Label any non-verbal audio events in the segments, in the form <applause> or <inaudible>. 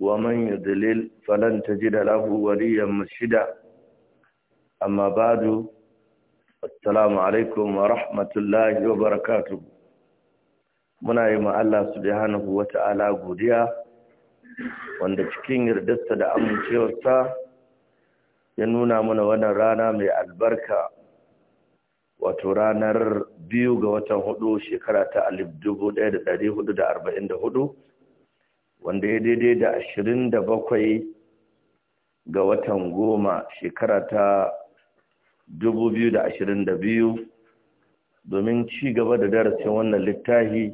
ومن يدلل فلن تجد له وليا مرشدا أما بعد السلام عليكم ورحمة الله وبركاته muna yi ma Allah subhanahu ta'ala godiya wanda cikin yardarsa da amincewarsa ya nuna mana wannan rana mai albarka wato ranar biyu ga watan hudu shekara ta alif dubu ɗaya da ɗari hudu da arba'in da hudu wanda ya daidai da ashirin da bakwai ga watan goma shekara ta dubu biyu da ashirin da biyu domin ci gaba da darasin wannan littafi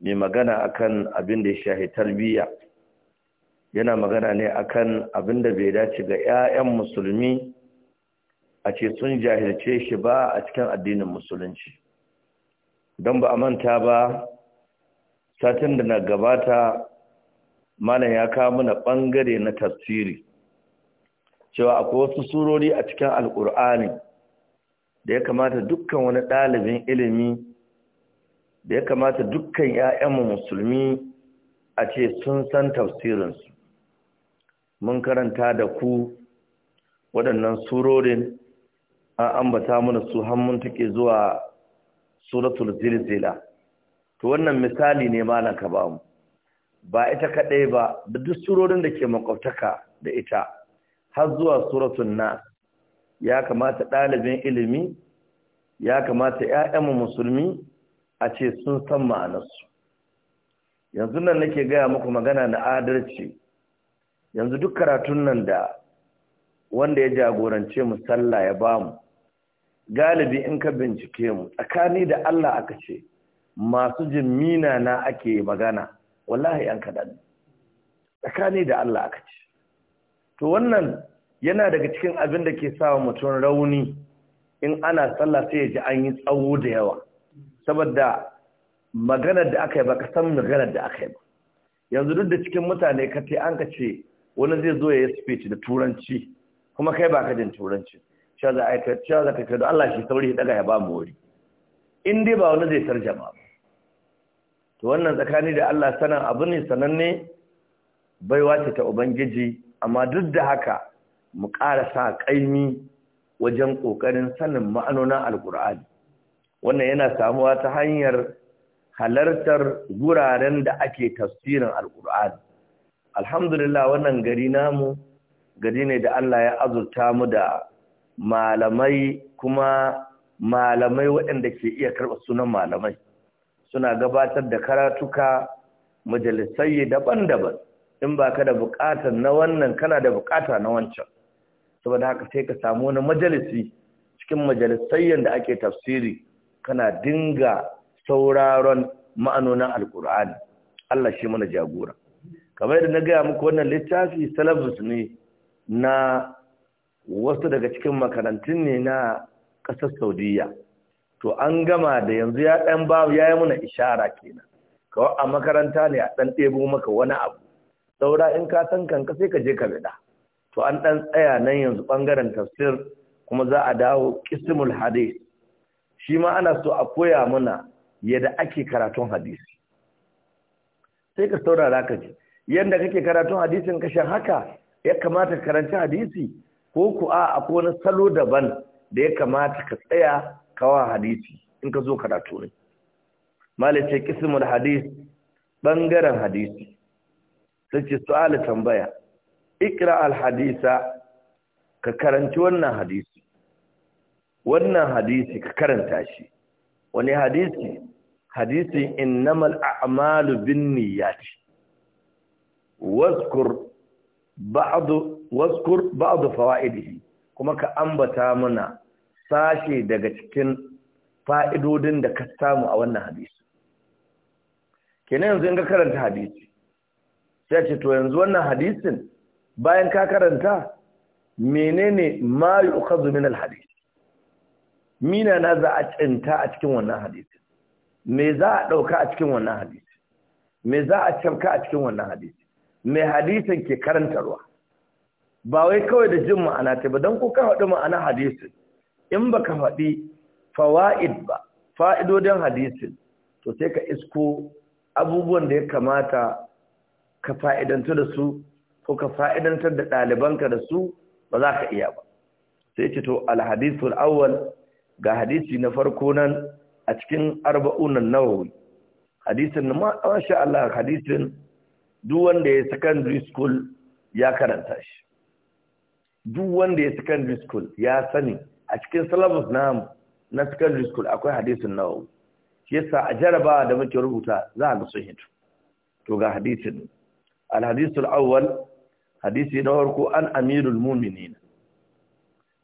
mai magana akan abin da ya shahi tarbiyya yana magana ne akan abin da bai dace ga 'ya'yan musulmi a ce sun jahilce shi ba a cikin addinin musulunci don ba a manta ba satin da na gabata malam ya kawo mana ɓangare na tafsiri cewa akwai wasu surori a cikin alkur'ani da ya kamata dukkan wani ɗalibin ilimi da ya kamata dukkan 'ya'yanmu musulmi a ce sun san tafsirinsu mun karanta da ku waɗannan surorin an ambata mana su hannun take zuwa suratul zilzila to wannan misali ne malam ka bamu ba ita kaɗai ba da duk surorin da ke makwabtaka da ita har zuwa suratun na ya kamata ɗalibin ilimi ya kamata ‘ya'yanmu musulmi a ce sun san ma'anarsu yanzu nan nake gaya muku magana na adalci yanzu duk karatun nan da wanda ya jagorance mu sallah ya bamu galibi in ka bincike mu tsakani da Allah aka ce masu jimina na ake magana wallahi yan kaɗan tsakani da Allah aka ce to wannan yana daga cikin abin da ke sawa mutum rauni in ana sallah sai ya ji an yi tsawo da yawa saboda maganar da aka yi ba ka san maganar da aka yi ba yanzu duk da cikin mutane ka ce an ka ce wani zai zo ya yi speech da turanci kuma kai ba ka jin turanci cewa za ka kai da Allah shi sauri ya daga ya ba mu wuri in dai ba wani zai tarjama ba to wannan tsakani da Allah sanan abu ne sananne baiwa ce ta ubangiji amma duk da haka mu ƙara sa ƙaimi wajen ƙoƙarin sanin ma'anonin Alkur'ani. wannan yana samuwa ta hanyar halartar guraren da ake tafsirin alƙur'ani alhamdulillah wannan gari namu gari ne da Allah ya azurta mu da malamai kuma malamai waɗanda ke iya karɓa sunan malamai suna gabatar da karatuka majalisai daban-daban in ba ka da bukatar na wannan kana da bukata na wancan saboda haka sai ka samu wani majalisi cikin majalisayyan da ake tafsiri kana dinga sauraron ma'anonin alkur'ani Allah shi mana jagora kamar yadda na gaya muku wannan littafi salabus ne na wasu daga cikin makarantun ne na ƙasar Saudiyya. to an gama da yanzu ya ɗan ba ya yi muna ishara kenan kawai a makaranta ne a ɗan ɗebo maka wani abu saura in ka san kanka sai ka je ka bida to an ɗan tsaya nan yanzu ɓangaren tafsir kuma za a dawo kismul hadis shi ma ana so a koya mana yadda ake karatun hadisi sai ka saurara ka ji yadda kake karatun hadisin kashe haka ya kamata ka karanci hadisi ko ku a akwai wani salo daban da ya kamata ka tsaya kawa hadisi in ka zo karatu ne malice kismul hadis bangaren hadisi sace su'ala tambaya ikra al hadisa ka karanci wannan hadisi wannan hadisi ka karanta shi wani hadisi hadisi innamal a'malu binniyati wazkur ba'd wazkur ba'd fawaidihi kuma ka ambata mana sashe daga cikin fa'idodin da ka samu a wannan hadisi kenan yanzu yanka karanta hadisi sai ce to yanzu wannan hadisin bayan ka karanta menene ma yu'khadhu min al mina na za a cinta a cikin wannan hadisi me za a ɗauka a cikin wannan hadisi me za a cafka a cikin wannan hadisi me hadisin ke karantarwa ba wai kawai da jin ma'ana ta ba don ko ka haɗu ma'ana hadisin in ba ka faɗi fawaid ba fa'idodin hadisin to sai ka isko abubuwan da ya kamata ka fa'idanta da su ko ka fa'idantar da ɗalibanka da su ba za ka iya ba sai ce to alhadisul awwal ga hadisi na farko nan a cikin arba'unan nawawi hadisin ma masha Allah hadisin duk wanda ya secondary school ya karanta shi duk wanda ya secondary school ya sani a cikin syllabus na na secondary school akwai hadisin nawawi shi yasa a jaraba da muke rubuta za a ga sun hito to ga hadisin al awwal hadisi na farko an amirul mu'minin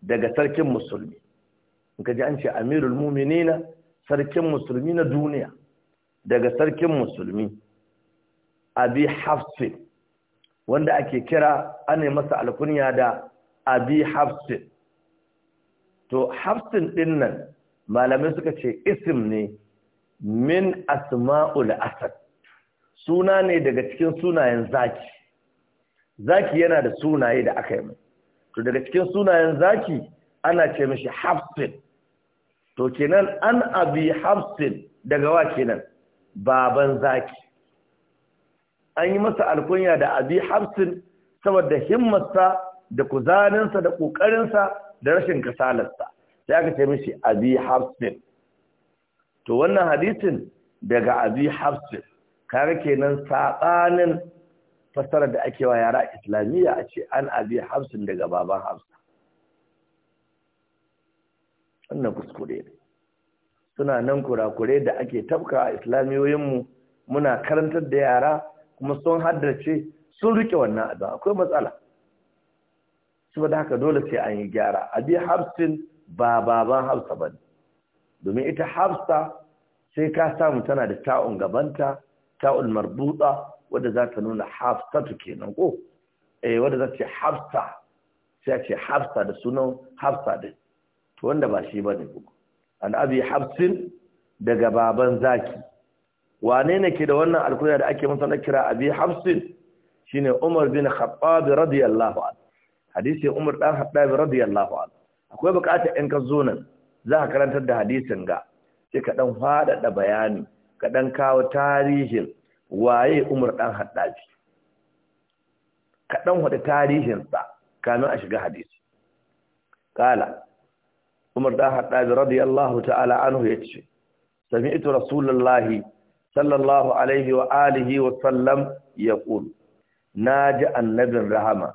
daga sarkin musulmi ka ji an ce amirul mu'minin sarkin musulmi na duniya daga sarkin musulmi abi hafs wanda ake kira ana masa alkunya da abi hafs to hafsin din nan malamai suka ce isim ne min asma'ul asad suna ne daga cikin sunayen zaki zaki yana da sunaye da aka yi to daga cikin sunayen zaki ana ce mishi hafsin to kenan an abi hafsin daga wa kenan baban zaki an yi masa alkunya da abi hafsin saboda himmarsa da kuzaninsa da ƙoƙarinsa da rashin kasalarsa sai aka ce mishi abi hafsin to wannan hadisin daga abi hafsin kare kenan sabanin fasarar da ake wa yara islamiyya a ce an abi hafsin daga baban hafsa wannan kuskure ne suna nan kurakure da ake tabka a islamiyoyinmu muna karantar da yara kuma sun haddace sun rike wannan abin akwai matsala saboda haka dole sai an yi gyara abi hafsin ba baban hafsa ba domin ita hafsa sai ka samu tana da ta'un gabanta ta'un marbuta wadda za ta nuna hafsatu kenan ko eh wadda za ce hafsa sai ce hafsa da sunan hafsa din to wanda ba shi bane ko an abi hafsin daga baban zaki wane ne ke da wannan alkunya da ake masa na kira abi hafsin shine Umar bin Khattab radiyallahu anhu hadisi Umar dan Khattab radiyallahu anhu akwai bukata in ka zo nan za ka karantar da hadisin ga sai ka dan faɗaɗa bayani ka dan kawo tarihin waye Umar dan Khattab ka dan wada tarihin sa kamin a shiga hadisi kala Umar dan Khattab radiyallahu ta'ala anhu yace sami'tu rasulullahi sallallahu alaihi wa alihi wa sallam yaqul naji annabin rahama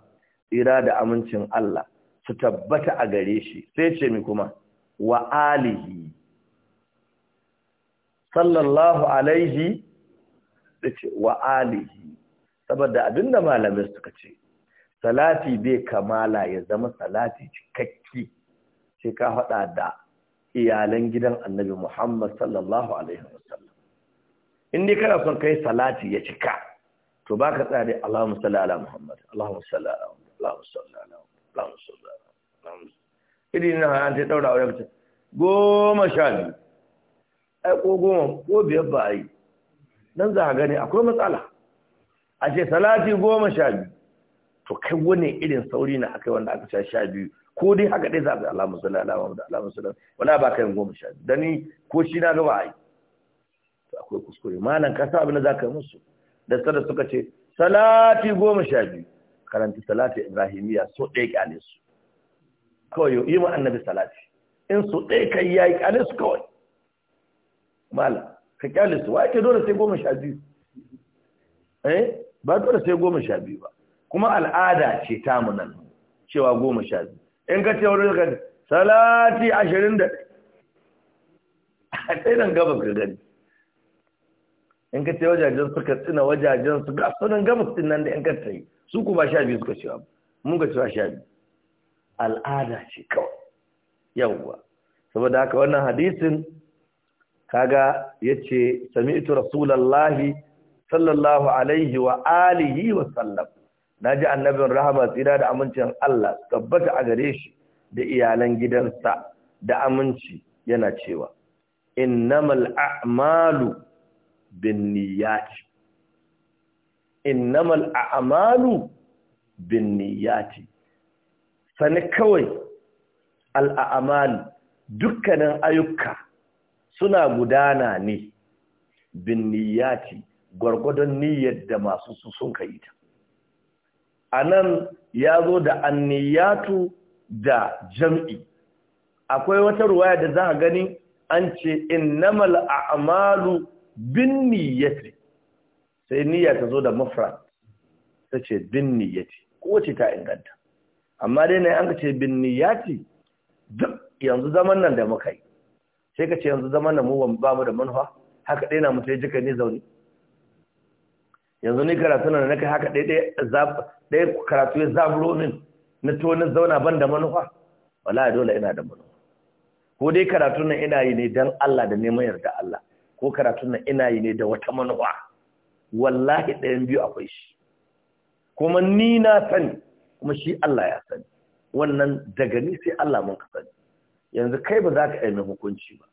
tsira da amincin Allah su tabbata a gare shi sai ce mi kuma wa alihi sallallahu alaihi da ce wa alihi saboda abinda malamai suka ce salati bai kamala ya zama salati cikakki sai ka haɗa da iyalan gidan annabi Muhammad sallallahu alaihi wasallam in ka kana son kai salati ya cika to baka tsare Allahumma salli ala Muhammad Allahumma salli ala Muhammad Allahumma salli ala daura aure ta goma sha biyu ai ko goma ko biyar ba yi. nan za a gani akwai matsala a ce salati goma sha biyu to kai wani irin sauri na akai wanda aka sha sha biyu ko dai haka dai za a ga Allahumma salli ala Muhammad Allahumma salli ba kai goma sha biyu dani ko shi na gaba ai to akwai kuskure malam ka sa abin da yi musu da sada suka ce salati goma sha biyu karanta salati ibrahimiya so ɗaya kyale su kawai yi wa annabi salati in so ɗaya kai ya yi kyale su kawai mala ka kyale su wa ake dole sai goma sha biyu eh ba dole sai goma sha biyu ba kuma al'ada ce mu nan cewa goma sha biyu in ka ce wani ka salati ashirin da ɗaya a <laughs> tsaye nan gaba ka gani in ka ce wajajen suka tsina wajajen su ga sunan gabas din nan da in ka tsaye su ku ba sha biyu suka cewa mun ga cewa sha biyu al'ada ce kawai yawwa saboda haka wannan hadisin kaga yace sami'tu rasulullahi sallallahu alaihi wa alihi wa sallam naji annabin rahama tsira da amincin Allah tabbata a gare shi da iyalan gidansa da aminci yana cewa innamal a'malu bin niyati innamal a'malu bin niyati sani kawai al'amalu dukkanin ayyuka suna gudana ne bin niyati gwargwadon niyyar da masu su sun kai ta a nan ya zo da anniyatu da jam'i akwai wata ruwaya da za a gani an ce innamal a'malu bin niyyati sai niyya ta zo da mafrad ta ce bin niyyati kowace ta inganta amma dai na an ka ce bin niyyati duk yanzu zaman nan da muka yi sai ka ce yanzu zaman nan mu ba mu da manufa haka ɗaya na mutu ya jika ne zaune yanzu ni karatu na kai haka ɗaya karatu ya zaburo min na to na zauna ban da manufa wala dole ina da manufa ko dai karatu nan ina yi ne don Allah da neman yarda Allah ko karatun nan ina yi ne da wata manuwa wallahi ɗayan biyu akwai shi kuma ni na sani kuma shi Allah ya sani wannan daga ni sai Allah mun ka sani yanzu kai ba za ka aimi hukunci ba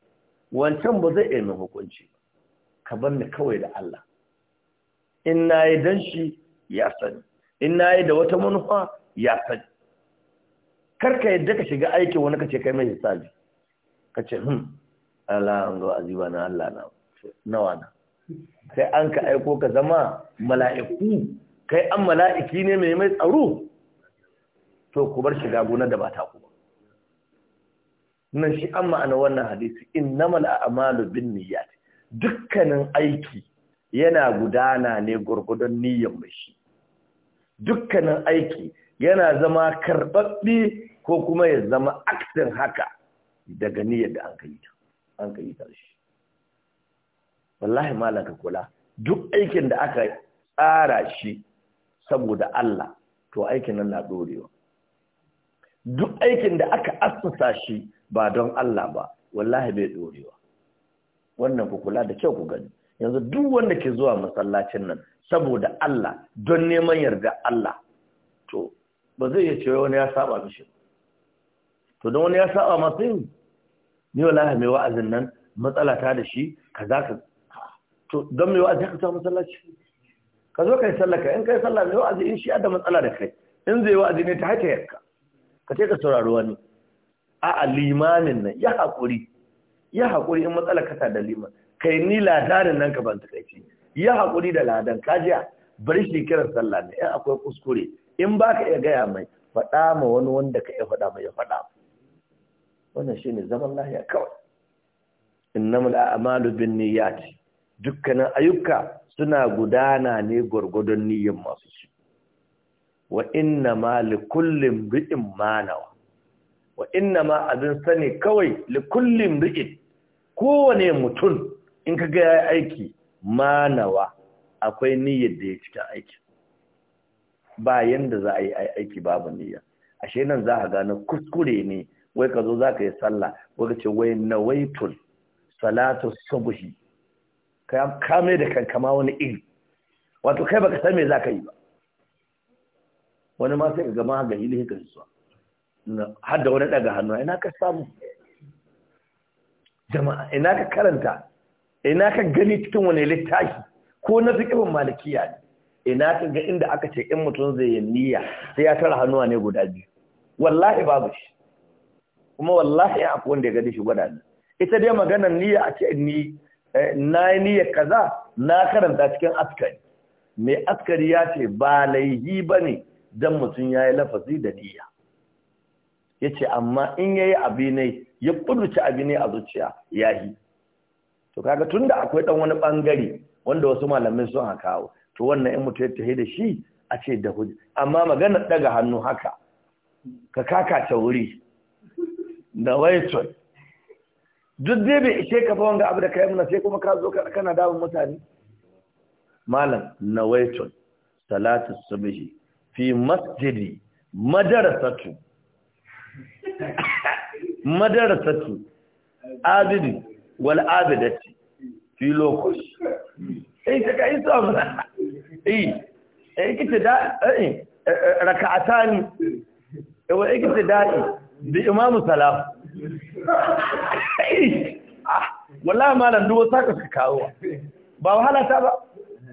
wancan ba zai aimi hukunci ba ka bar ni kawai da Allah in na yi dan shi ya sani in na yi da wata manufa ya sani karka yadda ka shiga aiki wani ka ce kai mai hisabi ka ce hmm Allah an zo aziba na Allah na nawa na sai an ka aiko ka zama mala'iku kai an mala'iki ne mai mai tsaro to ku bar shiga gonar da ba ta ku nan shi an ma'ana wannan hadisi innamal a'malu bin niyyat dukkanin aiki yana gudana ne gurgudan niyyar mai shi dukkanin aiki yana zama karɓaɓɓe ko kuma ya zama aksin haka daga niyyar da an kai ta an ka yi wallahi malam ka kula duk aikin da aka tsara shi saboda Allah to aikin nan na dorewa duk aikin da aka assasa shi ba don Allah ba wallahi bai dorewa wannan ku kula da kyau ku gani yanzu duk wanda ke zuwa masallacin nan saboda Allah don neman yarda Allah to ba zai iya cewa wani ya saba mishi to don wani ya saba masu ni wallahi mai wa'azin nan matsala ta da shi Ka za ka to don mai wa'azi ka ta masallaci ka zo kai sallah ka in kai sallah mai wa'azi in shi da matsala da kai in zai wa'azi ne ta haka yarka ka ce ka saurari wani a limamin nan ya haƙuri ya haƙuri in matsala ka ta da liman kai ni ladarin nan ka ban ta kai ya haƙuri da ladan ka kajiya bari shi kiran sallah ne in akwai kuskure in baka iya gaya mai faɗa ma wani wanda ka iya faɗa mai ya faɗa wannan shine zaman lahiya kawai innamal a'malu niyyat dukkanin ayyuka suna gudana ne gurgudun niyyar masu shi wa inna ma likullin ri'in manawa wa inna ma abin sani kawai likullin ri'in kowane mutum in ka ga yayi aiki manawa akwai niyyar da ya cika aiki ba yanda za a yi aiki babu niyya ashe nan za a gane kuskure ne wai ka zo za ka yi sallah wai ka ce wai waitul salatu subuhi ka kame da kankama wani iri wato kai baka san me za ka yi ba wani ma sai ka gama ga ilihin ka zuwa har da wani daga hannu ina ka samu jama'a ina ka karanta ina ka gani cikin wani littafi ko na fikirin malikiya ne ina ka ga inda aka ce in mutum zai yi niyya sai ya tara hannuwa ne guda biyu wallahi babu shi kuma wallahi ya akwai wanda ya gani shi gwada ni ita dai magana niyya a ce ni eh, na yi niyya kaza na karanta cikin askari mai askari ya ce ba laihi ba ne don mutum ya yi lafazi da niyya ya ce amma in ya yi abi ne ya kudurci abi ne a zuciya ya yi to kaga tun da akwai dan wani bangare wanda wasu malamai sun haka kawo to wannan in mutum ya tafi da shi a ce da hujja amma magana daga hannu haka ka kakace wuri da waitun duk dai bai ishe ka fa wanga abu da kai muna sai kuma ka zo kana dawo mutane malam nawaitun salatu subhi fi masjidi madrasatu madrasatu abidi wal abidati fi lokus eh kai yi sabana eh eh kike da eh, eh, eh raka'atani eh kike da'i eh. da imamu salam ah, Wala malam duk wata ka kawo ba wahala ta ba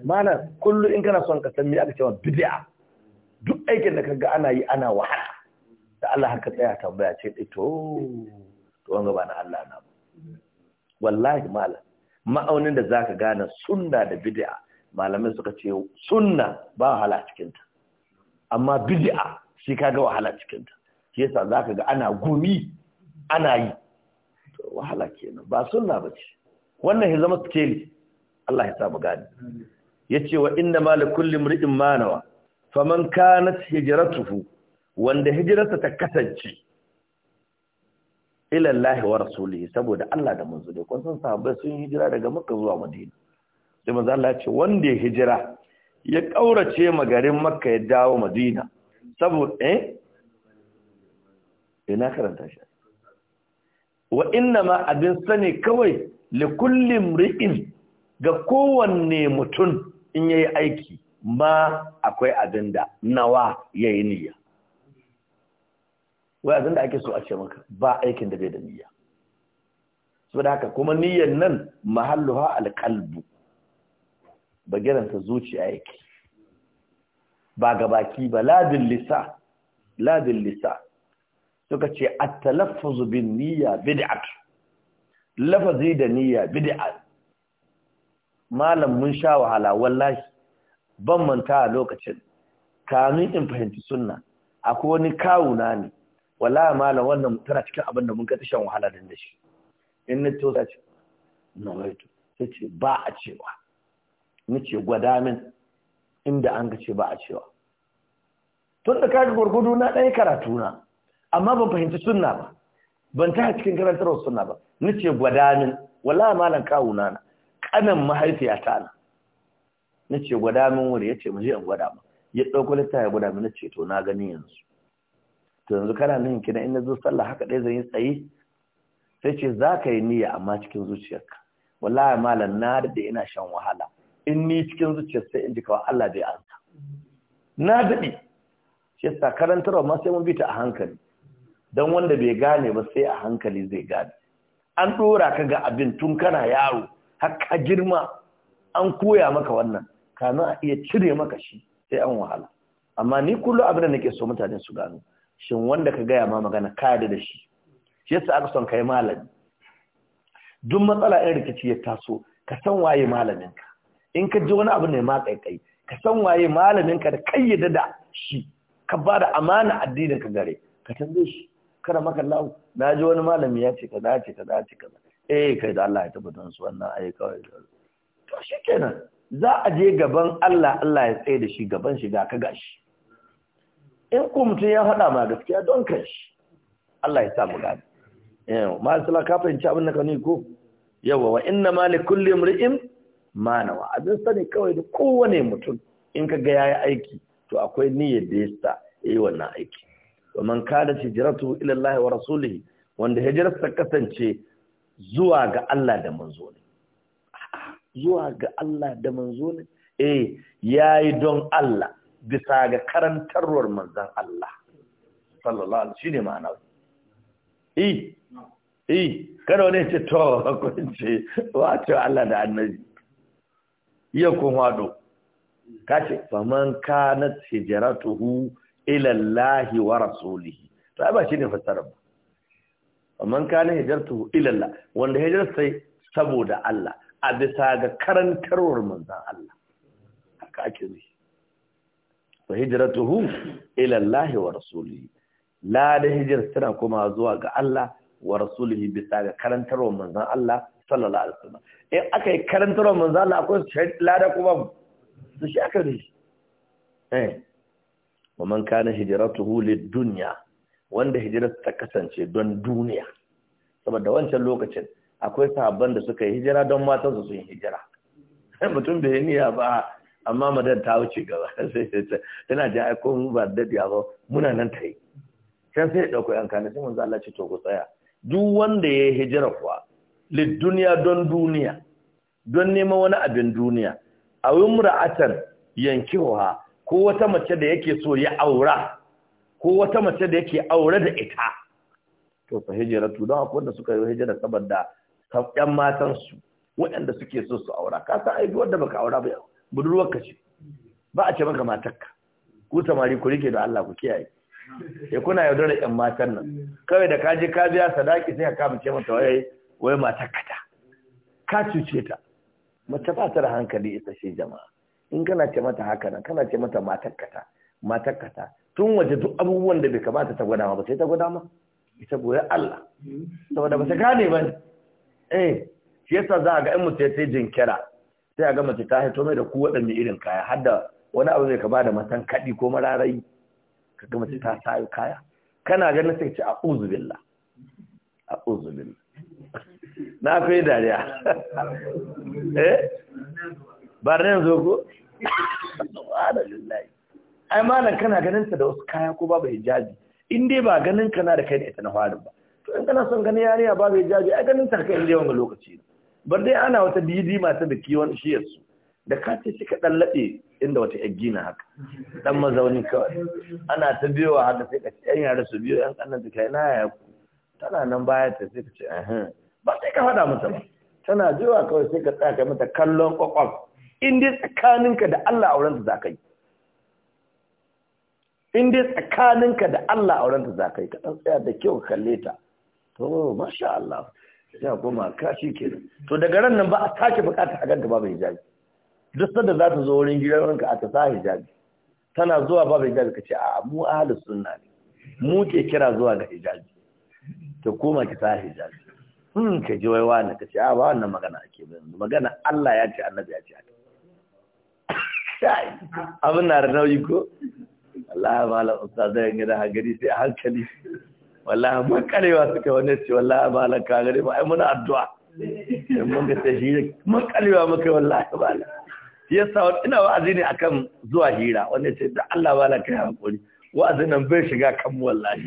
malam kullu in kana son ka san me aka cewa bid'a duk aikin da kaga ana yi ana wahala da Allah haka tsaya tambaya ce eh, to to wanga ba na Allah na ba wallahi malam ma'aunin da zaka gane sunna da bid'a malamai suka ce sunna ba wahala cikin ta amma bid'a shi kaga wahala cikin ta shi yasa za ka ga ana gumi ana yi wahala kenan ba sunna ba ce wannan ya zama skeli Allah ya samu gani yace wa inda ma likulli imrin ma faman kanat hijiratuhu wanda hijrarsa ta kasance ila Allah wa rasulihi saboda Allah da manzo da kun san sahabbai sun hijira daga Makka zuwa Madina sai manzo Allah ya ce wanda ya hijira ya ƙaurace ma garin Makka ya dawo Madina saboda eh sai eh, na karanta shi wa inna ma abin sani kawai li kullum ri'in ga kowanne mutum in yayi aiki ma akwai abin da nawa yayi niyya wai abin da ake so a ce maka ba aikin da bai da niyya saboda haka kuma niyyan nan mahalluha alqalbu ta zuciya yake ba ga baki ba labin lisa labin lisa suka ce a talaffuz bin niyya bid'at lafazi da niyya bid'a malam mun sha wahala wallahi ban manta a lokacin kamin in fahimci sunna akwai wani kawuna ne wallahi malam wannan tana cikin abin da mun ka tashan wahala din da shi in na to ce na waito ta ce ba a cewa ce gwada min inda an ga ce ba a cewa tun da kaji gurgudu na ɗaya karatu na amma ban fahimci sunna ba ban ta cikin karantarwar sunna ba nace gwadanin wala malam kawuna na kanan mahaifiyata na nace gwadanin wuri yace mu je an gwada mu ya dauko littafi ya gwada mu nace to na gani yanzu to yanzu kana nan kina in nazo sallah haka dai zan yi tsayi sai ce zaka yi niyya amma cikin zuciyarka wallahi malam na da ina shan wahala in ni cikin zuciyar sai in ji kawai Allah bai ansa na dade shi yasa karantarwa ma sai mun bi ta a hankali don wanda bai gane ba sai a hankali zai gane an ɗora ka ga abin tun kana yaro har girma an koya maka wannan kamin a iya cire maka shi sai an wahala amma ni kullum abin da nake so mutane su gano shin wanda ka gaya ma magana ka yarda da shi shi yasa aka son kai malami duk matsala in rikici ya taso ka san waye malaminka in ka ji wani abu ne ma kai-kai, ka san waye malaminka da kayyada da shi ka ba da amana addinin ka gare ka tambaye shi kada maka lau na ji wani malami ya ce kaza ce kaza ce kaza eh kai da Allah ya tabbatar su wannan ai kawai to shikenan za a je gaban Allah Allah ya tsaye da shi gaban shi ga ka gashi in ku mutum ya faɗa ma gaskiya don kai shi Allah ya sa mu gani eh ma sala ka fahimci abin da ka ni ko yawa wa inna ma li kulli imri'in ma nawa abin sani kawai da kowane mutum in ka ga yayi aiki to akwai niyyar da ya sa yayi wannan aiki wa man kada hijratu ila Allah wa rasulihi wanda hijrarsa kasance zuwa ga Allah da manzo ne zuwa ga Allah da manzo ne eh yayi don Allah bisa ga karantarwar manzon Allah sallallahu alaihi shine ma'ana eh eh kada wani ce to kunce wato Allah da annabi iya kun wado kace faman kanat hijratuhu ilallahi wa rasulihi to ai ba shi ne fassara ba amman kana hijratu ilallah wanda hijrar sai saboda Allah a bisa ga karantarwar manzon Allah haka ake ne wa hijratuhu ilallahi wa rasulihi la da hijrar tana kuma zuwa ga Allah wa rasulihi bisa ga karantarwar manzon Allah sallallahu alaihi wasallam in akai karantarwar manzon Allah akwai lada kuma su shi akai eh wa man kana hijratuhu lid-dunya wanda hijirar ta kasance don duniya saboda wancan lokacin akwai sahabban da suka yi hijira don matan su sun hijira <laughs> mutum bai niyya ba amma madan ta wuce gaba <laughs> tana ji aiko mu ba da ba muna nan ta yi can sai dauko yan kana sai manzo Allah ce to ku tsaya duk wanda ya hijira kuwa lid duniya don duniya don neman wani abin duniya a umra'atan yankiwa ko wata mace da yake so ya aura ko wata mace da yake aure da ita to fa hijratu don akwai wanda suka yi hijira saboda yan matan su waɗanda suke so su aura ka san aiki wanda baka aura ba budurwar ka ce ba a ce maka matarka ku samari ku rike da Allah ku kiyaye ya eh, kuna yaudar da yan matan nan kawai da kaje ka biya sadaki sai ka kama ce mata waye waye matarka ta ka cuce ta mace ba ta da hankali ita ce jama'a in kana ce mata haka nan kana ce mata matakata matakata tun waje duk abubuwan da bai kamata ta gwada ma ba sai ta gwada ma ita goyar Allah saboda ba ta gane ba eh shi yasa za a ga in mutum sai jinkira sai a ga mace ta haito mai da ku waɗanne irin kaya har da wani abu zai kaba da matan kaɗi ko mararai ka ga mace ta sayo kaya kana ganin sai ce a'udhu billah a'udhu billah na fi dariya <laughs> eh ba ran zo ko ai malam kana ganin ta da wasu kaya ko babu hijabi in dai ba ganin ka na da kai da ita na farin ba to in kana son ganin yariya babu hijabi ai ganin ta kai inda yawan lokaci bar dai ana wata bidi mata da kiwon shiyar su da ka ce shi ka dan lade inda wata na haka dan mazauni kawai ana ta biyowa haka sai ka ce yan yara su biyo yan kannan ta kai na ya ku tana nan baya ta sai ka ce ba sai ka faɗa mata ba tana jiwa kawai sai ka tsaya mata kallon kwakwaf in dai tsakaninka da Allah auren ta zakai in dai tsakaninka da Allah auren ta za ka ɗan tsaya da kyau kalle ta to masha Allah ya goma ka shi nan. to daga ran nan ba a sake bukata a ganta babu hijabi duk sanda za ta zo wurin gidanka a ta sa hijabi tana zuwa babu hijabi ka ce a mu ahlus sunna ne mu ke kira zuwa ga hijabi to koma ki sa hijabi hmm ka ji waiwa na ka ce a ba wannan magana ake ba magana Allah ya ce annabi ya ce abin na da nauyi ko wallahi malam ustazai yan gida hagari sai hankali wallahi makalewa suka wani ce wallahi malam ka gari ba ai muna addu'a in mun ga sai hira makalewa muka wallahi malam yasa wani ina wa'azi ne akan zuwa hira wanda ce da Allah malam kai hakuri wa'azin nan bai shiga kan mu wallahi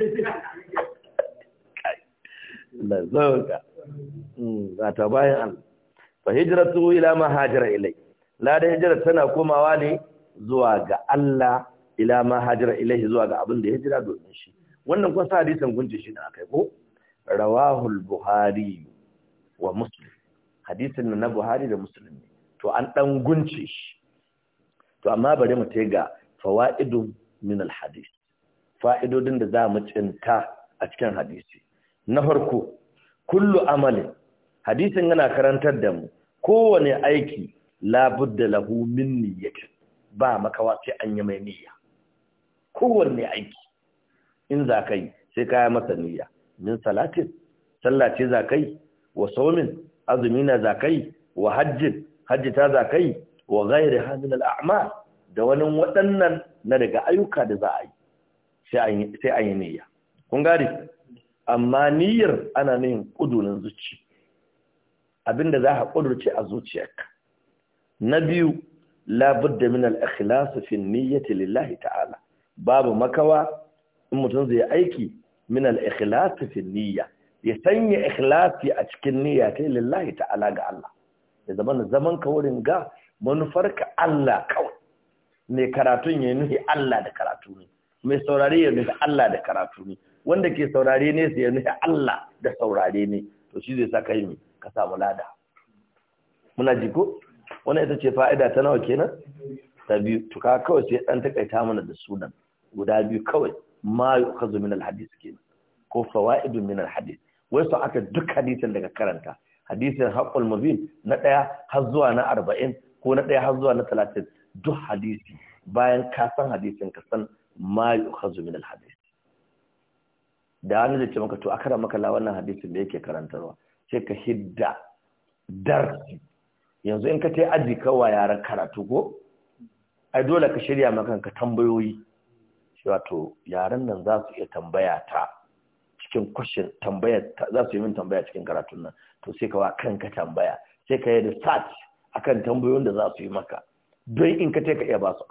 Allah zauka za ta bayan Allah fa hijratu ila ma hajara ilai ladan hijira tana komawa ne zuwa ga Allah ila ma hajira ilahi zuwa ga abin da ya jira domin shi wannan kun sa hadisin gunci shi da akai ko Rawahul Buhari wa muslim hadisin na buhari da muslim to an dan gunce shi to amma bari mu tega fawa'idu min al-hadis fa'idodin da za mu cinta a cikin hadisi na farko kullu amalin hadisin yana karantar da mu kowane aiki labudda lahu min niyyatin ba makawa sai an yi mai niyya kowanne aiki in za ka yi sai ka yi masa niyya min salatin sallah za ka yi wa saumin azumi na za ka yi wa hajjin hajji ta za ka yi wa ghairi hadin al'amal da wani waɗannan na daga ayyuka da za a yi sai an yi niyya kun gari amma niyyar ana nayin ƙudurin zuci abinda za ka ƙudurce a zuciyarka na biyu da min al-ikhlas fi niyyati lillahi ta'ala babu makawa in mutum zai aiki min al fi niyya ya sanya ikhlasi a cikin niyya ta lillahi ta'ala ga Allah ya zama zaman ka wurin ga manufarka Allah kawai mai karatun ya nufi Allah da karatu ne mai saurare ya nufi Allah da karatu ne wanda ke saurare ne sai ya nufi Allah da saurare ne to shi zai sa kai ka samu lada muna jiko wani ita ce fa'ida ta nawa kenan ta biyu to ka kawai sai dan takaita mana da sunan guda biyu kawai ma yu'khadhu min al kenan ko fawaidu min al wai su aka duk hadisin daga karanta hadisin haqqul mubin na ɗaya har zuwa na 40 ko na ɗaya har zuwa na talatin duk hadisi bayan ka san hadisin ka san ma yu'khadhu min da wani zai ce maka to akara maka la wannan hadisin da yake karantarwa sai ka hidda darsi yanzu in ka ta aji kawai yaran karatu ko ai dole ka shirya makanka tambayoyi shi wato yaran nan za su iya tambaya ta cikin kwashin tambaya za su yi min tambaya cikin karatun nan to sai ka wa kanka tambaya sai ka yi a kan tambayoyin da za su yi maka don in ka ka iya ba su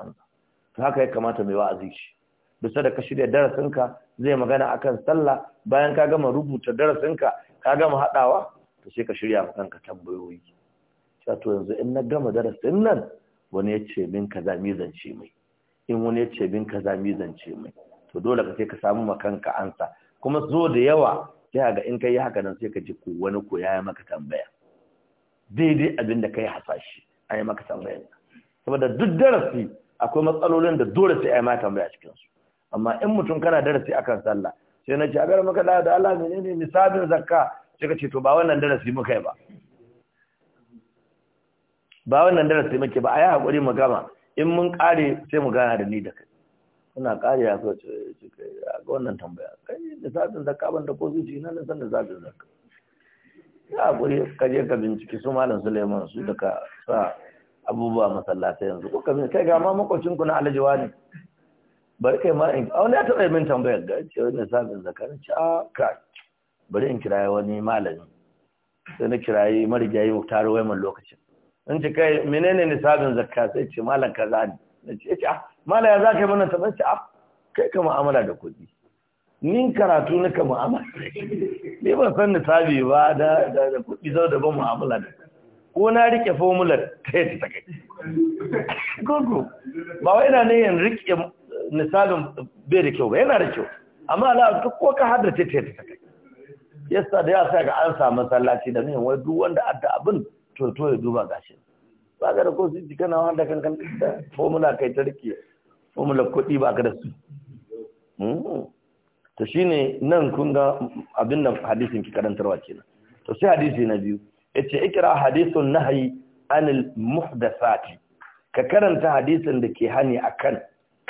to haka ya kamata mai wa'azi shi bisa da ka shirya darasinka zai magana akan sallah bayan ka gama rubuta darasinka ka gama haɗawa to sai ka shirya ma kanka tambayoyi cewa yanzu in na gama darasin nan wani ya ce min kaza zance mai in wani ya ce min kaza zance mai to dole ka sai ka samu makanka ansa kuma zo da yawa sai ga in kai haka nan sai ka ji ko wani ko ya maka tambaya daidai abin da kai hasashi an yi maka tambayar saboda duk darasi akwai matsalolin da dole sai a yi maka tambaya cikin su amma in mutum kana darasi akan sallah sai na ce a gara maka da Allah ne nisabin zakka sai ka ce to ba wannan darasi muka yi ba ba wannan darasi muke ba a yi haƙuri mu gama in mun ƙare sai mu gana da ni da kai muna ƙare ya kai ga wannan tambaya kai da zafin zakka ban da ko zuci na san da zafin zakka ya haƙuri ka je ka binciki su malam suleiman su da ka sa abubuwa masallatai yanzu ko ka kai ga ma makwacin ku na alajiwa ne bari kai ma in wani ya taɓa min tambayar ga ce wani zafin zakka na ce a ka bari in kira wani malami sai na kiraye marigayi muktar mun lokacin in ce kai menene nisabin zakka sai ce malam kaza ne na ce ce ah ya zaka mana ta bace ah kai ka mu'amala da kuɗi nin karatu ni ka mu'amala Ni ban san nisabi ba da da kuɗi zo da ban mu'amala da ko na rike formula ta yadda ta kai gogo <laughs> ba wai na ne yan rike nisabin bai da kyau ba yana da kyau amma ala duk ko ka haddace ta yi ta kai yasa da ya sa ga an samu masallaci da ne wai duk wanda adda abin to to ya duba gashin ba ga da ko su ji kana wanda kan kan da formula kai ta formula kuɗi ba ka da su hmm. to shine nan kun ga abin da hadisin ki karantarwa kenan to sai hadisi na biyu yace ikra hadithun nahyi anil muhdathati ka karanta hadisin da ke hani akan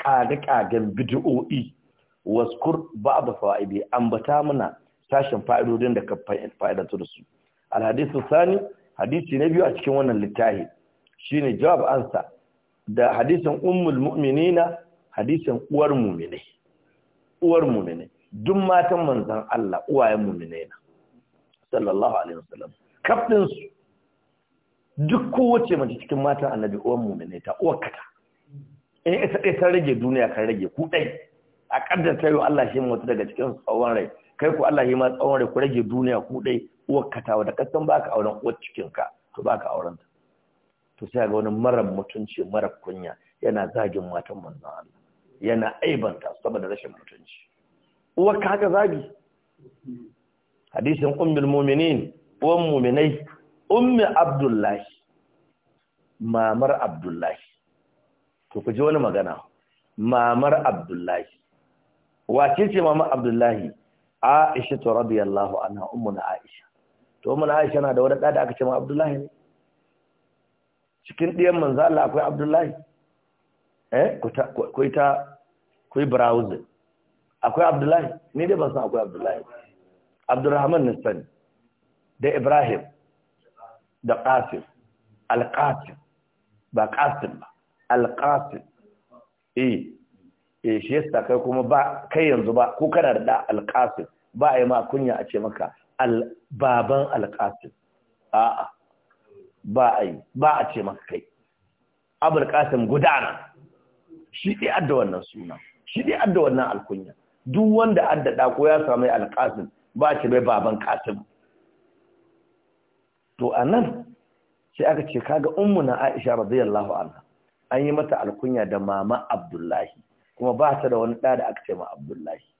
kage-kagen bid'o'i waskur ba'd fa'idi ambata mana sashin fa'idodin da ka fa'idatu da su al hadithu thani hadisi na biyu a cikin wannan littafin shine jawab ansa da hadisin ummul mu'minina hadisin uwar mu'mine uwar mu'mine duk matan manzon Allah uwayen mu'mine na sallallahu alaihi wasallam kafdin su duk kowace mace cikin matan annabi uwar mu'mine ta uwar kata in ita dai ta rage duniya kan rage ku dai a kaddar tayo Allah shi mu wata daga cikin tsawon rai kai ku Allah yi ma tsawon rai ku rage duniya ku dai uwar ka da ba kasan baka auren uwar cikinka to baka auren ta to sai ga wani marar mutunci marar kunya yana zagin matan manzon Allah yana aibanta saboda rashin mutunci uwar ka haka zagi hadisin ummul mu'minin uwar mu'minai ummi abdullahi mamar abdullahi to ku ji wani magana mamar abdullahi wace ce mamar abdullahi aisha radiyallahu anha ummu aisha to mun Aisha na da wani da aka ce ma Abdullahi ne cikin diyan manzo Allah akwai Abdullahi eh ku ta ku ta ku browse akwai Abdullahi ni dai ban san akwai Abdullahi Abdurrahman ne san da Ibrahim da Qasim Al-Qasim ba Qasim ba Al-Qasim eh eh shi yasa kai kuma ba kai yanzu ba ko kana da Al-Qasim ba a yi ma kunya a ce maka baban alƙasim a'a ba a yi ba a ce maka kai guda gudana shi ɗi adda wannan suna shi ɗi adda wannan alkunya duk wanda adda ko ya samu alƙasim ba a ce mai baban ƙasim to a nan sai aka ce kaga na aisha radiyallahu anha an yi mata alkunya da mama abdullahi kuma ba ta da wani ɗa da aka ce ma abdullahi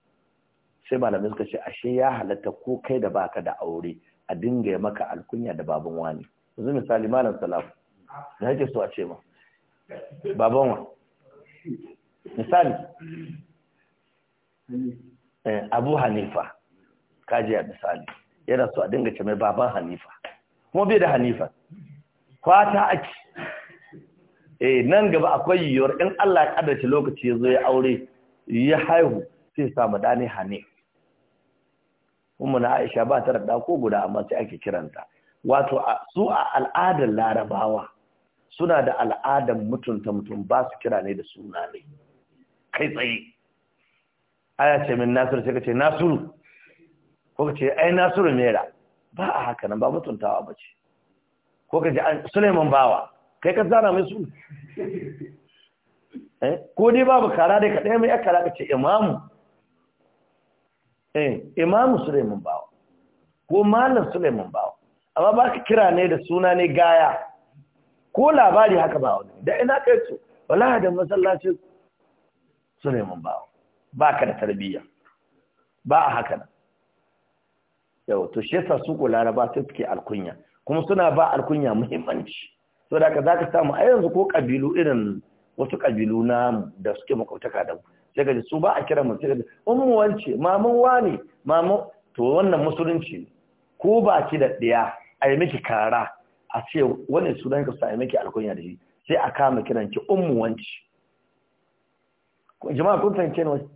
sai malamai suka ce ashe ya halatta ko kai da baka da aure a dinga ya maka alkunya da baban wani yanzu misali malam salafu da nake so a ce ma baban wa misali eh, abu hanifa kaji a misali yana so a dinga ce mai baban hanifa kuma bai da hanifa kwata ake eh nan gaba akwai yiwuwar in Allah ya kaddace lokaci ya zo ya aure ya haihu sai samu dane hanifa umu na Aisha ba ta da ko guda amma sai ake kiranta wato su a al'adar larabawa suna da al'adar mutunta mutum ba su kira ne da suna ne kai tsaye aya ce min nasiru sai kace nasiru ko kace ai nasiru mera ba a haka nan ba mutuntawa ba ce ko kace Suleiman bawa kai ka zana mai su <laughs> eh? ko ni babu kara dai ka ɗaya mai ya kara kace imamu Eh, imamu suleiman bawa ko malam suleiman bawa amma ba ka kira ne da suna ne gaya ko labari haka ba wani da ina kai su wala da masallaci suleiman bawa ba ka da tarbiyya ba a haka nan yau to shi yasa su ko laraba sai suke alkunya kuma suna ba alkunya muhimmanci so da ka za ka samu a yanzu ko kabilu irin wasu kabilu na da suke makautaka da mu daga su ba a kira mutum da umuwanci mamun maman wane mamun. to wannan musulunci ko ba ki da ɗaya a yi miki kara a ce wani sunan ka sa yi miki alkunya da shi sai a kama kiran ki umuwanci wance jama'a kun fahimce ne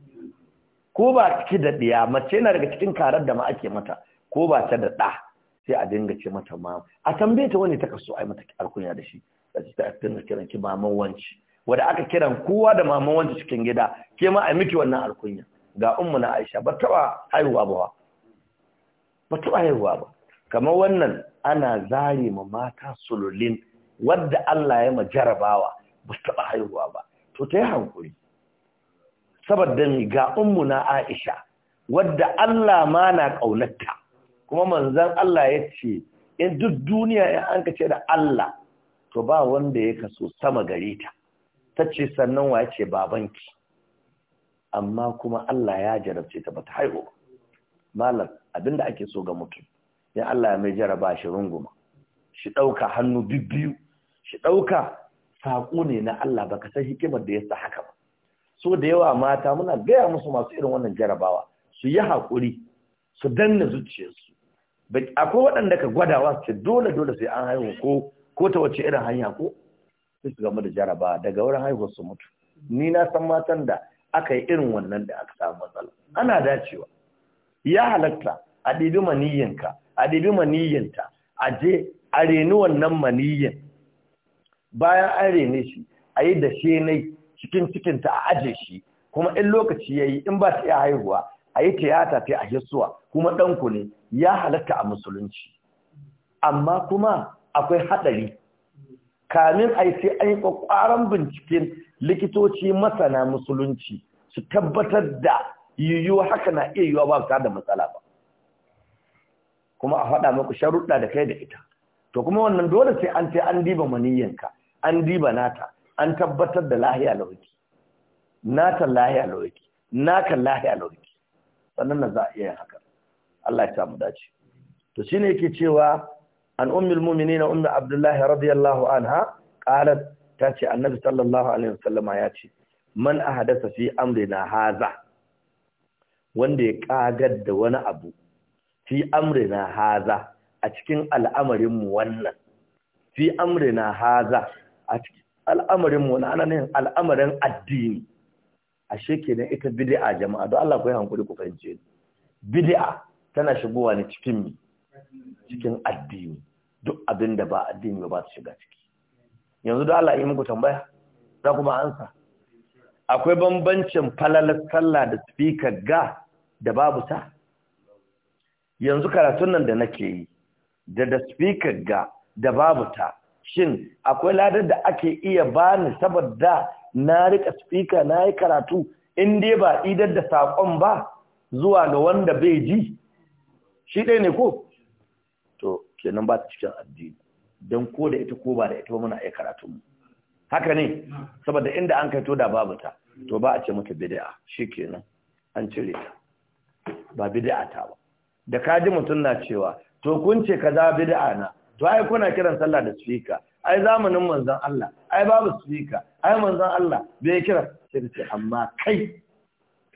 ko ba ki da ɗaya mace yana daga cikin karar da ma ake mata ko ba ta da ɗa sai a dinga ce mata ma a tambaye ta wani ta kaso yi mata alkunya da shi da ta dinga kiran ki mamun wanci wanda aka kiran kowa da maman wanda cikin gida ke ma a miki wannan alkunya ga ummu na Aisha ba taba haihuwa ba ba taba haihuwa ba kamar wannan ana zare ma mata sululin wadda Allah ya ma majarabawa ba taba haihuwa ba to tayi hankuri saboda ni ga ummu na Aisha wadda Allah ma na kaunarta kuma manzon Allah ya ce in duk duniya ya an da Allah to ba wanda ya kaso sama gare ta ta ce sannan wa ce babanki amma kuma Allah ya jarabce ta bata haihu malam abinda ake so ga mutum ya Allah ya mai jaraba shi runguma shi ɗauka hannu bibbiyu shi ɗauka saƙo ne na Allah baka san hikimar da ya sa haka ba so da yawa mata muna gaya musu masu irin wannan jarabawa su yi haƙuri su danna zuciyarsu akwai waɗanda ka gwadawa su dole dole sai an haihu ko ko ta wace irin hanya ko sai su gama da jaraba daga wurin haihuwar su mutu ni na san matan da aka yi irin wannan da aka samu matsala ana dacewa ya halatta a ɗibi maniyyinka a ɗibi maniyyinta a je a reni wannan maniyyin bayan an rene shi a yi da shenai cikin cikinta a aje shi kuma in lokaci ya yi in ba ta iya haihuwa a yi tiyata ta a hisuwa kuma ɗanku ne ya halatta a musulunci amma kuma akwai haɗari kamin a sai an yi kwakwaran binciken likitoci masana musulunci su tabbatar da yiwu haka na iya yiwuwa ba ta da matsala ba kuma a faɗa maku sharuɗa da kai da ita to kuma wannan dole sai an ce an diba maniyyanka an diba nata an tabbatar da lahiya lauki nata lahiya lauki naka lahiya lauki sannan na za a iya haka Allah ya samu dace to shine yake cewa an ummul mu'minina ummu abdullahi radiyallahu anha qalat tace annabi sallallahu alaihi wasallama yace man ahadasa fi amrina haza wanda ya kagar da wani abu fi amrina haza a cikin al'amarin mu wannan fi amrina haza a cikin al'amarin mu wannan ne al'amarin addini ashe kenan ita bid'a jama'a don Allah ku yi hankuri ku fahimce bid'a tana shigowa ne cikin mi cikin addini duk abin da ba addini ba ta shiga ciki yanzu da Allah yi muku tambaya za kuma ansa akwai bambancin falalar sallah da speaker ga da babu ta yanzu karatun nan da nake yi da da speaker ga da babu ta shin akwai ladar da ake iya bani saboda na rika speaker na yi karatu in dai ba idar da saƙon ba zuwa ga wanda bai ji shi ɗaya ne ko kenan ba ta cikin addini don ko da ita ko ba da ita ba muna iya karatun mu haka ne saboda inda an kai to da babu ta to ba a ce mata bid'a shikenan an cire ta ba bid'a ta ba da ka ji mutum na cewa to kun ce kaza bid'a na to ai kuna kiran sallah da speaker ai zamanin manzon Allah ai babu speaker ai manzon Allah bai kira sai ce amma kai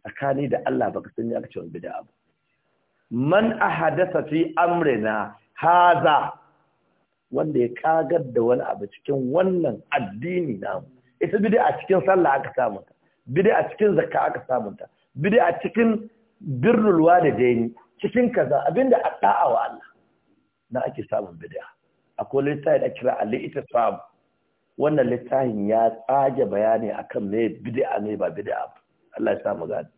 tsakani da Allah baka san ya ce bid'a ba man ahadatha fi amrina haza wanda ya kagar da wani abu cikin wannan addini namu ita bidi a cikin sallah aka samunta bidi a cikin zakka aka samunta bidi a cikin birnulwa da daini cikin kaza abinda a da'a wa Allah na ake samun bid'a akwai littafi da kira ita sabu wannan littafin ya tsage bayani akan me bid'a ne ba bid'a Allah ya samu gani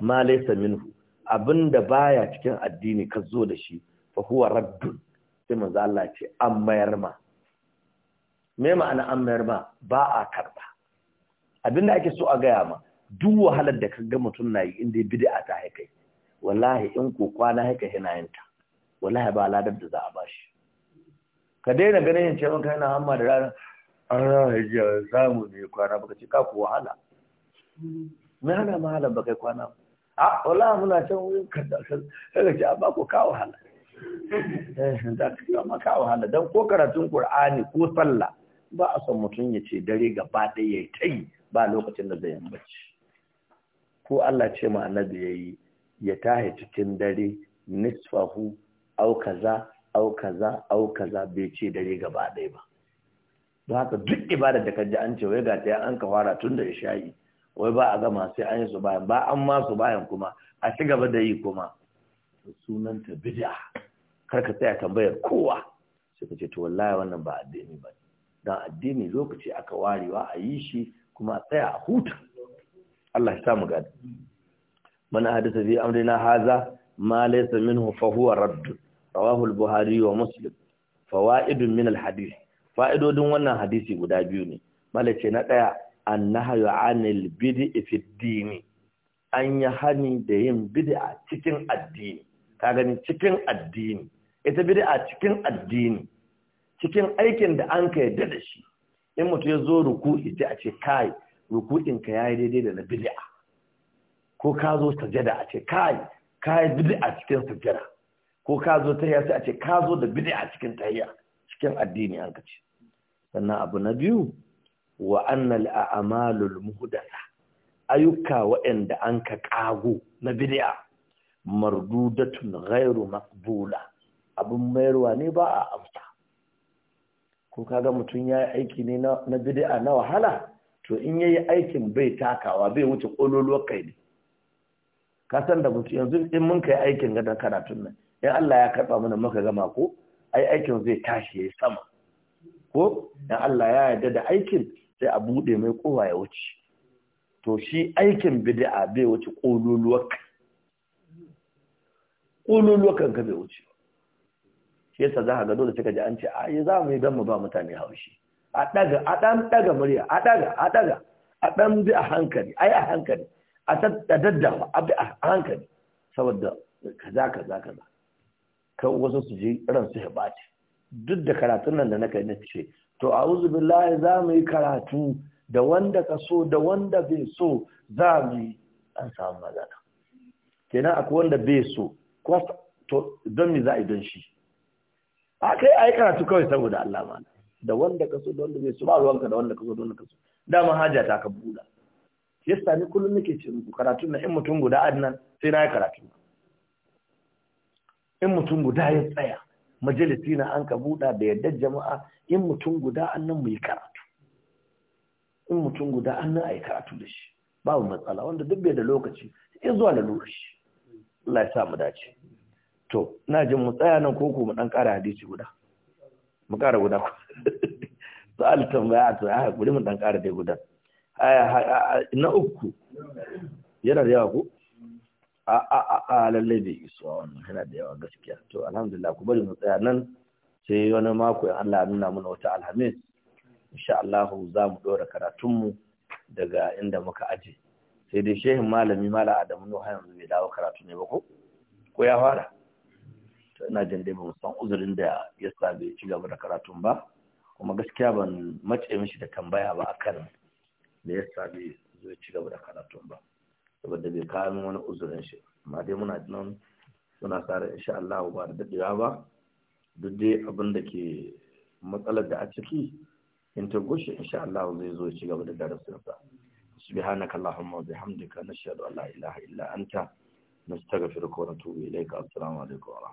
ma laysa minhu abinda baya cikin addini ka zo da shi fa huwa raddun sai manzo Allah ce an mayar ma me ma'ana an mayar ma ba a karba abinda ake so a gaya ma duk wahalar da kaga mutum na yi inda bid'a ta haikai wallahi in ko kwana haika yana yin ta wallahi ba ladar da za a bashi ka daina ganin yin ce kai na hamma da rana an ranar jiya samu ne kwana baka ce ka ku wahala me hana mahalar baka kwana a wallahi muna can wurin kada sai ka ce a bako ka wahala Eh, za ka yi maka wahala don ko karatun Kur'ani ko sallah ba a son mutum ya ce dare gaba ɗaya ya ta ba lokacin da zai bacci ko Allah ce ma annabi ya yi ya tahe cikin dare nisfahu au kaza au kaza au kaza bai ce dare gaba ɗaya ba don haka duk ibadar da ka ji an ce wai ga ta an ka fara tun da ya sha'i wai ba a gama sai an yi su bayan ba an ma su bayan kuma a ci gaba da yi kuma sunanta bid'a kar ka tsaya tambayar kowa sai ka ce to wallahi wannan ba addini ba dan addini lokaci aka warewa a yi shi kuma a tsaya a huta Allah ya sa mu gadi man hadatha bi amrina haza ma laysa minhu fa huwa radd rawahu al-buhari wa muslim fawaidun min al-hadith fa'idodin wannan hadisi guda biyu ne malace na daya annahyu anil bid'i fi ad-din an yi hani da yin bid'a cikin addini ka gani cikin addini ita bid'a cikin addini cikin aikin da an ka yadda da shi in mutum ya zo ruku'i sai a ce kai ruku'in ka yayi daidai da na bid'a ko ka zo sajada a ce kai kai bid'a cikin sajada ko ka zo tahiya sai a ce ka zo da bid'a cikin tahiya cikin addini an ka ce sannan abu na biyu wa annal a'malul muhdatha ayyuka wa'anda an ka kago na bid'a mardudatun ghairu maqbula abin mayarwa ne ba a amsa ko kaga mutum ya yi aiki ne na bid'a na wahala to in yayi aikin bai takawa bai wuce kololuwar kai ne ka san da mutum yanzu in mun kai aikin dan karatun nan in Allah ya karba mana muka gama ko ai aikin zai tashi yayi sama ko in Allah ya yarda da aikin sai a bude mai kowa ya wuce to shi aikin bid'a bai wuce kololuwar kai ƙululuwa ka bai wuce shi yasa za a ga dole suka ji an ce a yi za mu yi don mu ba mutane haushi a ɗaga a ɗan ɗaga murya a ɗaga a ɗaga a ɗan bi a hankali a a hankali a daddawa a bi a hankali saboda kaza kaza kaza kan wasu su ji ran su hibati duk da karatun nan da na kai na ce to a billahi za mu yi karatu da wanda ka so da wanda bai so za mu yi an samu magana kenan akwai wanda bai so to don mi za a yi don shi a kai a yi karatu kawai saboda Allah ma da wanda kaso da wanda zai so ba ruwanka da wanda kaso da wanda kaso dama haja ta ka buɗa Ya sami kullum nake ce muku karatu na in mutum guda adnan sai na yi karatu in mutum guda ya tsaya majalisi na an ka buɗa da yadda jama'a in mutum guda annan mu yi karatu in mutum guda annan a yi karatu da shi babu matsala wanda duk bai da lokaci ya zuwa da lokaci Allah ya sa mu dace to ina jin mu tsaya nan koko mu dan ƙara hadisi guda mu ƙara guda ku <laughs> al tambaya to ya guri mu dan ƙara dai guda na uku yana da yawa ku a a a lalle bai isuwa wannan yana da yawa gaskiya to alhamdulillah ku bari mu tsaya nan sai wani mako in Allah nuna mana wata alhamis insha Allah za mu ɗora karatunmu daga inda muka aje sai dai shehin malami mala adamu nuha yanzu bai dawo karatu ne ba ko ko ya fara to ina jin dai ba san uzurin da ya sa bai ci gaba da karatun ba kuma gaskiya ban mace mishi da tambaya ba akan da ya sa bai zo ci gaba da karatun ba saboda bai kawo wani uzurin shi amma dai muna nan muna sa insha Allah ba da dadewa ba duk dai abin da ke matsalar da a ciki in ta gushe insha Allah zai zo ci gaba da darasinsa subhanaka allahumma wa bihamdika nashhadu an la ilaha illa anta nastaghfiruka wa natubu ilayka assalamu alaikum